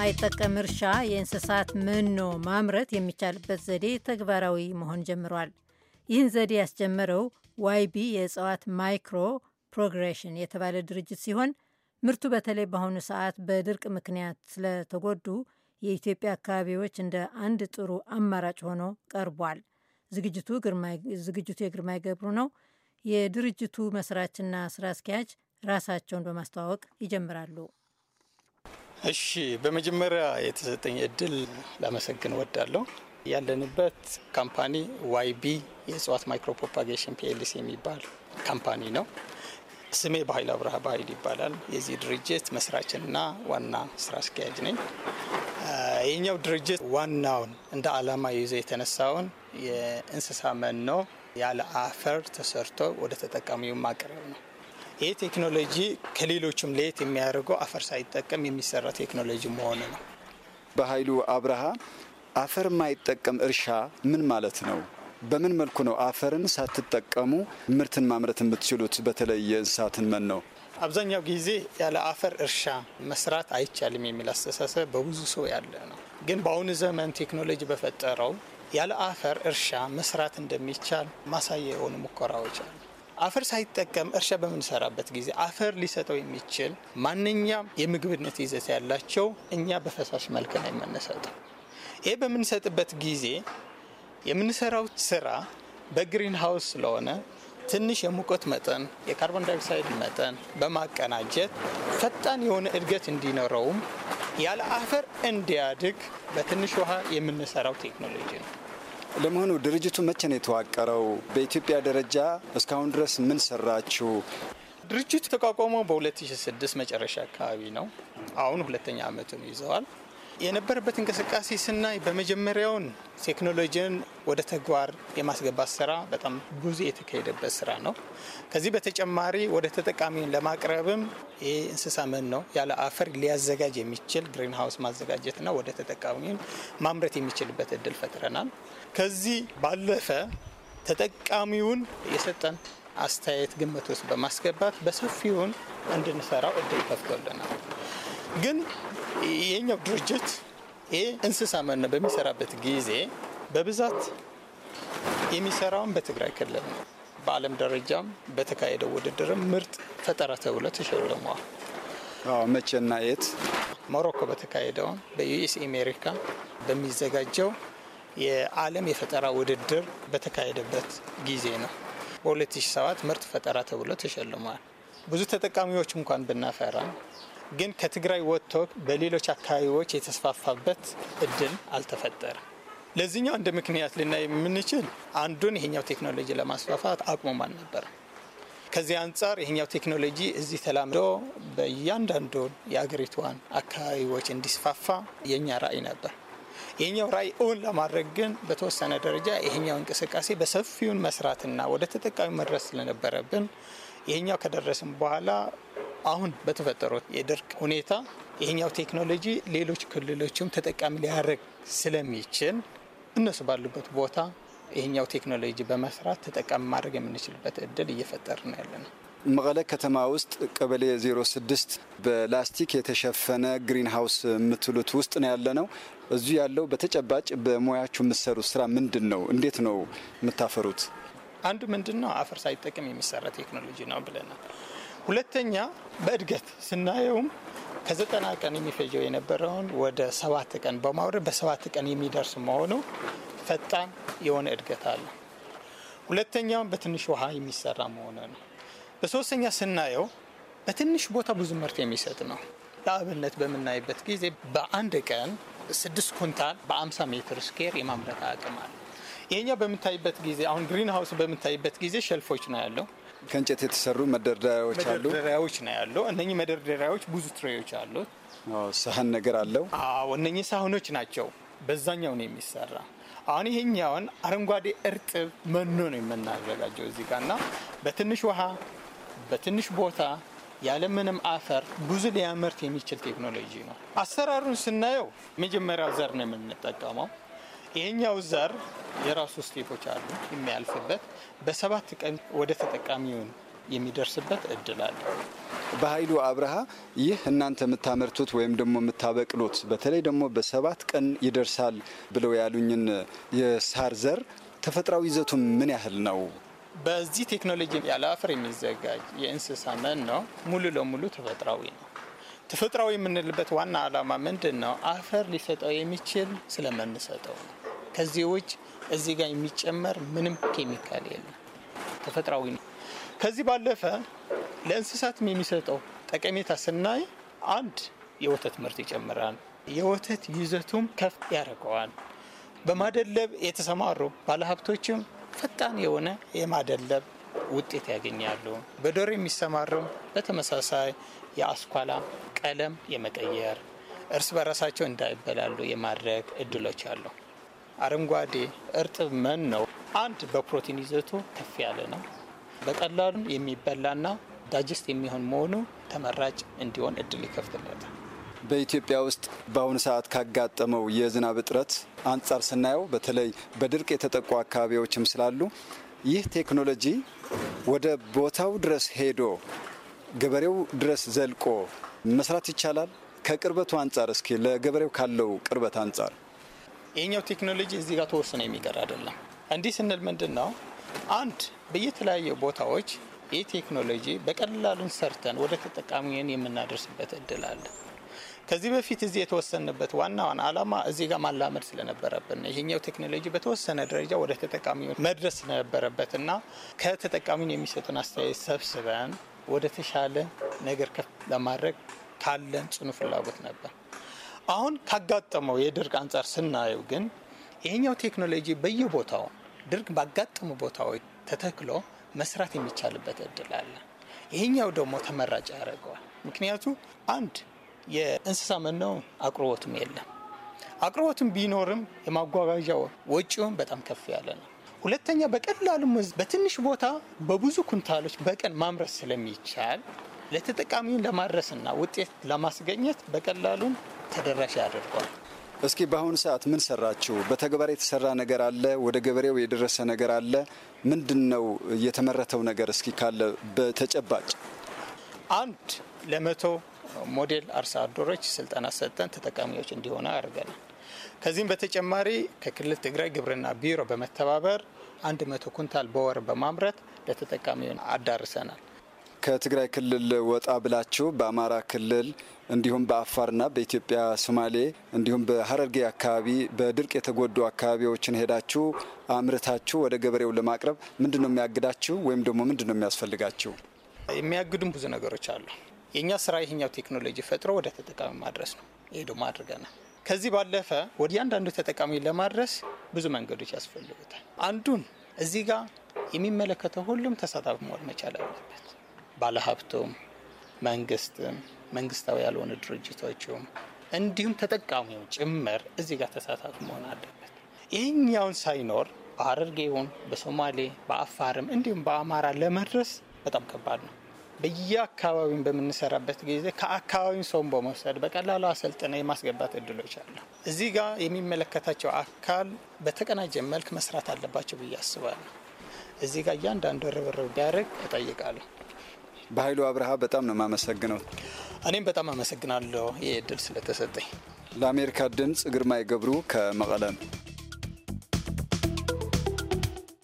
የማይጠቀም እርሻ የእንስሳት መኖ ማምረት የሚቻልበት ዘዴ ተግባራዊ መሆን ጀምሯል። ይህን ዘዴ ያስጀመረው ዋይቢ የእጽዋት ማይክሮ ፕሮግሬሽን የተባለ ድርጅት ሲሆን ምርቱ በተለይ በአሁኑ ሰዓት በድርቅ ምክንያት ስለተጎዱ የኢትዮጵያ አካባቢዎች እንደ አንድ ጥሩ አማራጭ ሆኖ ቀርቧል። ዝግጅቱ የግርማይ ገብሩ ነው። የድርጅቱ መስራችና ስራ አስኪያጅ ራሳቸውን በማስተዋወቅ ይጀምራሉ። እሺ በመጀመሪያ የተሰጠኝ እድል ላመሰግን ወዳለሁ ያለንበት ካምፓኒ ዋይቢ የእጽዋት ማይክሮ ፕሮፓጌሽን ፒኤልሲ የሚባል ካምፓኒ ነው። ስሜ በኃይል አብርሃ በኃይል ይባላል። የዚህ ድርጅት መስራችና ዋና ስራ አስኪያጅ ነኝ። የኛው ድርጅት ዋናውን እንደ አላማ ይዞ የተነሳውን የእንስሳ መኖ ያለ አፈር ተሰርቶ ወደ ተጠቃሚው ማቅረብ ነው። ይህ ቴክኖሎጂ ከሌሎችም ለየት የሚያደርገው አፈር ሳይጠቀም የሚሰራ ቴክኖሎጂ መሆኑ ነው። በኃይሉ አብርሃ አፈር ማይጠቀም እርሻ ምን ማለት ነው? በምን መልኩ ነው አፈርን ሳትጠቀሙ ምርትን ማምረት የምትችሉት? በተለይ የእንስሳትን መኖ ነው። አብዛኛው ጊዜ ያለ አፈር እርሻ መስራት አይቻልም የሚል አስተሳሰብ በብዙ ሰው ያለ ነው። ግን በአሁኑ ዘመን ቴክኖሎጂ በፈጠረው ያለ አፈር እርሻ መስራት እንደሚቻል ማሳያ የሆኑ ሙከራዎች አሉ። አፈር ሳይጠቀም እርሻ በምንሰራበት ጊዜ አፈር ሊሰጠው የሚችል ማንኛውም የምግብነት ይዘት ያላቸው እኛ በፈሳሽ መልክ ነው የምንሰጠው። ይህ በምንሰጥበት ጊዜ የምንሰራው ስራ በግሪን ሀውስ ስለሆነ ትንሽ የሙቀት መጠን፣ የካርቦን ዳይኦክሳይድ መጠን በማቀናጀት ፈጣን የሆነ እድገት እንዲኖረውም ያለ አፈር እንዲያድግ በትንሽ ውሃ የምንሰራው ቴክኖሎጂ ነው። ለመሆኑ ድርጅቱ መቼ ነው የተዋቀረው? በኢትዮጵያ ደረጃ እስካሁን ድረስ ምን ሰራችሁ? ድርጅቱ የተቋቋመው በ2006 መጨረሻ አካባቢ ነው። አሁን ሁለተኛ ዓመቱን ይዘዋል። የነበረበት እንቅስቃሴ ስናይ በመጀመሪያውን ቴክኖሎጂን ወደ ተግባር የማስገባት ስራ በጣም ብዙ የተካሄደበት ስራ ነው። ከዚህ በተጨማሪ ወደ ተጠቃሚን ለማቅረብም ይህ እንስሳ መኖ ነው ያለ አፈር ሊያዘጋጅ የሚችል ግሪን ሀውስ ማዘጋጀትና ወደ ተጠቃሚን ማምረት የሚችልበት እድል ፈጥረናል። ከዚህ ባለፈ ተጠቃሚውን የሰጠን አስተያየት ግምት ውስጥ በማስገባት በሰፊውን እንድንሰራው እድል ከፍቶልናል ግን የኛው ድርጅት ይህ እንስሳ መኖ በሚሰራበት ጊዜ በብዛት የሚሰራውን በትግራይ ክልል ነው። በዓለም ደረጃም በተካሄደው ውድድርም ምርጥ ፈጠራ ተብሎ ተሸልመዋል። መቼና የት? ሞሮኮ በተካሄደውን በዩኤስ አሜሪካ በሚዘጋጀው የዓለም የፈጠራ ውድድር በተካሄደበት ጊዜ ነው። በ2007 ምርጥ ፈጠራ ተብሎ ተሸልመዋል። ብዙ ተጠቃሚዎች እንኳን ብናፈራ ግን ከትግራይ ወጥቶ በሌሎች አካባቢዎች የተስፋፋበት እድል አልተፈጠረም። ለዚህኛው እንደ ምክንያት ልናይ የምንችል አንዱን ይሄኛው ቴክኖሎጂ ለማስፋፋት አቅሙም አልነበረም። ከዚህ አንጻር ይሄኛው ቴክኖሎጂ እዚህ ተላምዶ በእያንዳንዱ የአገሪቷን አካባቢዎች እንዲስፋፋ የእኛ ራዕይ ነበር። ይህኛው ራዕይ እውን ለማድረግ ግን በተወሰነ ደረጃ ይሄኛው እንቅስቃሴ በሰፊውን መስራትና ወደ ተጠቃሚ መድረስ ስለነበረብን ይሄኛው ከደረስም በኋላ አሁን በተፈጠረው የድርቅ ሁኔታ ይሄኛው ቴክኖሎጂ ሌሎች ክልሎችም ተጠቃሚ ሊያደርግ ስለሚችል እነሱ ባሉበት ቦታ ይሄኛው ቴክኖሎጂ በመስራት ተጠቃሚ ማድረግ የምንችልበት እድል እየፈጠር ነው ያለ ነው። መቀለ ከተማ ውስጥ ቀበሌ 06 በላስቲክ የተሸፈነ ግሪን ሀውስ የምትሉት ውስጥ ነው ያለ ነው። እዚሁ ያለው በተጨባጭ በሙያችሁ የምትሰሩት ስራ ምንድን ነው? እንዴት ነው የምታፈሩት? አንዱ ምንድን ነው አፈር ሳይጠቅም የሚሰራ ቴክኖሎጂ ነው ብለናል። ሁለተኛ በእድገት ስናየውም ከዘጠና ቀን የሚፈጀው የነበረውን ወደ ሰባት ቀን በማውረድ በሰባት ቀን የሚደርስ መሆኑ ፈጣን የሆነ እድገት አለ። ሁለተኛውን በትንሽ ውሃ የሚሰራ መሆኑ ነው። በሶስተኛ ስናየው በትንሽ ቦታ ብዙ ምርት የሚሰጥ ነው። ለአብነት በምናይበት ጊዜ በአንድ ቀን ስድስት ኩንታል በአምሳ ሜትር ስኬር የማምረት አቅም አለ። የኛ በምታይበት ጊዜ አሁን ግሪን ሀውስ በምታይበት ጊዜ ሸልፎች ነው ያለው። ከእንጨት የተሰሩ መደርደሪያዎች አሉ፣ መደርደሪያዎች ነው ያለው። እነኚህ መደርደሪያዎች ብዙ ትሬዎች አሉት። ሳህን ነገር አለው። አዎ፣ እነኚህ ሳህኖች ናቸው። በዛኛው ነው የሚሰራ። አሁን ይሄኛውን አረንጓዴ እርጥብ መኖ ነው የምናዘጋጀው እዚህ ጋር እና በትንሽ ውሃ በትንሽ ቦታ ያለምንም አፈር ብዙ ሊያመርት የሚችል ቴክኖሎጂ ነው። አሰራሩን ስናየው መጀመሪያ ዘር ነው የምንጠቀመው። ይሄኛው ዘር የራሱ ስቴፖች አሉ የሚያልፍበት በሰባት ቀን ወደ ተጠቃሚውን የሚደርስበት እድል አለ። በኃይሉ አብርሃ ይህ እናንተ የምታመርቱት ወይም ደግሞ የምታበቅሉት በተለይ ደግሞ በሰባት ቀን ይደርሳል ብለው ያሉኝን የሳር ዘር ተፈጥሯዊ ይዘቱ ምን ያህል ነው? በዚህ ቴክኖሎጂ ያለ አፈር የሚዘጋጅ የእንስሳ መኖ ነው። ሙሉ ለሙሉ ተፈጥሯዊ ነው። ተፈጥሯዊ የምንልበት ዋና ዓላማ ምንድን ነው? አፈር ሊሰጠው የሚችል ስለምንሰጠው ነው። ከዚህ ውጭ እዚህ ጋር የሚጨመር ምንም ኬሚካል የለም፣ ተፈጥሯዊ ነው። ከዚህ ባለፈ ለእንስሳትም የሚሰጠው ጠቀሜታ ስናይ አንድ የወተት ምርት ይጨምራል፣ የወተት ይዘቱም ከፍ ያደርገዋል። በማደለብ የተሰማሩ ባለሀብቶችም ፈጣን የሆነ የማደለብ ውጤት ያገኛሉ። በዶሮ የሚሰማሩም በተመሳሳይ የአስኳላ ቀለም የመቀየር እርስ በራሳቸው እንዳይበላሉ የማድረግ እድሎች አሉ። አረንጓዴ እርጥብ መን ነው። አንድ በፕሮቲን ይዘቱ ከፍ ያለ ነው። በቀላሉ የሚበላና ዳጅስት የሚሆን መሆኑ ተመራጭ እንዲሆን እድል ይከፍትለታል። በኢትዮጵያ ውስጥ በአሁኑ ሰዓት ካጋጠመው የዝናብ እጥረት አንጻር ስናየው በተለይ በድርቅ የተጠቁ አካባቢዎችም ስላሉ ይህ ቴክኖሎጂ ወደ ቦታው ድረስ ሄዶ ገበሬው ድረስ ዘልቆ መስራት ይቻላል። ከቅርበቱ አንጻር እስኪ ለገበሬው ካለው ቅርበት አንጻር ይህኛው ቴክኖሎጂ እዚህ ጋር ተወስኖ የሚቀር አይደለም። እንዲህ ስንል ምንድን ነው አንድ በየተለያዩ ቦታዎች ይህ ቴክኖሎጂ በቀላሉን ሰርተን ወደ ተጠቃሚውን የምናደርስበት እድል አለ። ከዚህ በፊት እዚህ የተወሰንበት ዋና አላማ እዚህ ጋር ማላመድ ስለነበረብን ይሄኛው ቴክኖሎጂ በተወሰነ ደረጃ ወደ ተጠቃሚ መድረስ ስለነበረበት እና ከተጠቃሚን የሚሰጡን አስተያየት ሰብስበን ወደ ተሻለ ነገር ከፍ ለማድረግ ካለን ጽኑ ፍላጎት ነበር። አሁን ካጋጠመው የድርቅ አንጻር ስናየው ግን ይሄኛው ቴክኖሎጂ በየቦታው ድርቅ ባጋጠሙ ቦታዎች ተተክሎ መስራት የሚቻልበት እድል አለ። ይሄኛው ደግሞ ተመራጭ ያደርገዋል። ምክንያቱ አንድ የእንስሳ መኖው አቅርቦትም የለም። አቅርቦትም ቢኖርም የማጓጓዣ ወጪውን በጣም ከፍ ያለ ነው። ሁለተኛ በቀላሉ በትንሽ ቦታ በብዙ ኩንታሎች በቀን ማምረት ስለሚቻል ለተጠቃሚውን ለማድረስና ውጤት ለማስገኘት በቀላሉን ተደራሽ ያደርገዋል። እስኪ በአሁኑ ሰዓት ምን ሰራችሁ? በተግባር የተሰራ ነገር አለ? ወደ ገበሬው የደረሰ ነገር አለ? ምንድን ነው የተመረተው ነገር? እስኪ ካለ በተጨባጭ አንድ ለመቶ ሞዴል አርሶ አደሮች ስልጠና ሰጠን፣ ተጠቃሚዎች እንዲሆነ አድርገናል። ከዚህም በተጨማሪ ከክልል ትግራይ ግብርና ቢሮ በመተባበር አንድ መቶ ኩንታል በወር በማምረት ለተጠቃሚው አዳርሰናል። ከትግራይ ክልል ወጣ ብላችሁ በአማራ ክልል እንዲሁም በአፋርና በኢትዮጵያ ሶማሌ እንዲሁም በሀረርጌ አካባቢ በድርቅ የተጎዱ አካባቢዎችን ሄዳችሁ አምርታችሁ ወደ ገበሬው ለማቅረብ ምንድን ነው የሚያግዳችሁ ወይም ደግሞ ምንድን ነው የሚያስፈልጋችሁ? የሚያግዱም ብዙ ነገሮች አሉ። የእኛ ስራ ይህኛው ቴክኖሎጂ ፈጥሮ ወደ ተጠቃሚ ማድረስ ነው። ይሄ ደግሞ አድርገናል። ከዚህ ባለፈ ወደ እያንዳንዱ ተጠቃሚ ለማድረስ ብዙ መንገዶች ያስፈልጉታል። አንዱን እዚህ ጋር የሚመለከተው ሁሉም ተሳታፊ መሆን መቻል አለበት። ባለሀብቱም መንግስትም መንግስታዊ ያልሆነ ድርጅቶችም እንዲሁም ተጠቃሚው ጭምር እዚህ ጋር ተሳታፊ መሆን አለበት። ይህኛውን ሳይኖር በሀረርጌውን፣ በሶማሌ፣ በአፋርም እንዲሁም በአማራ ለመድረስ በጣም ከባድ ነው። በየአካባቢውን በምንሰራበት ጊዜ ከአካባቢው ሰውን በመውሰድ በቀላሉ አሰልጥነ የማስገባት እድሎች አሉ። እዚህ ጋር የሚመለከታቸው አካል በተቀናጀ መልክ መስራት አለባቸው ብዬ አስባለሁ። እዚህ ጋር እያንዳንዱ ርብርብ ቢያደርግ እጠይቃለሁ። በኃይሉ አብርሃ በጣም ነው የማመሰግነው። እኔም በጣም አመሰግናለሁ ይህ እድል ስለተሰጠኝ። ለአሜሪካ ድምፅ ግርማይ ገብሩ ከመቀለም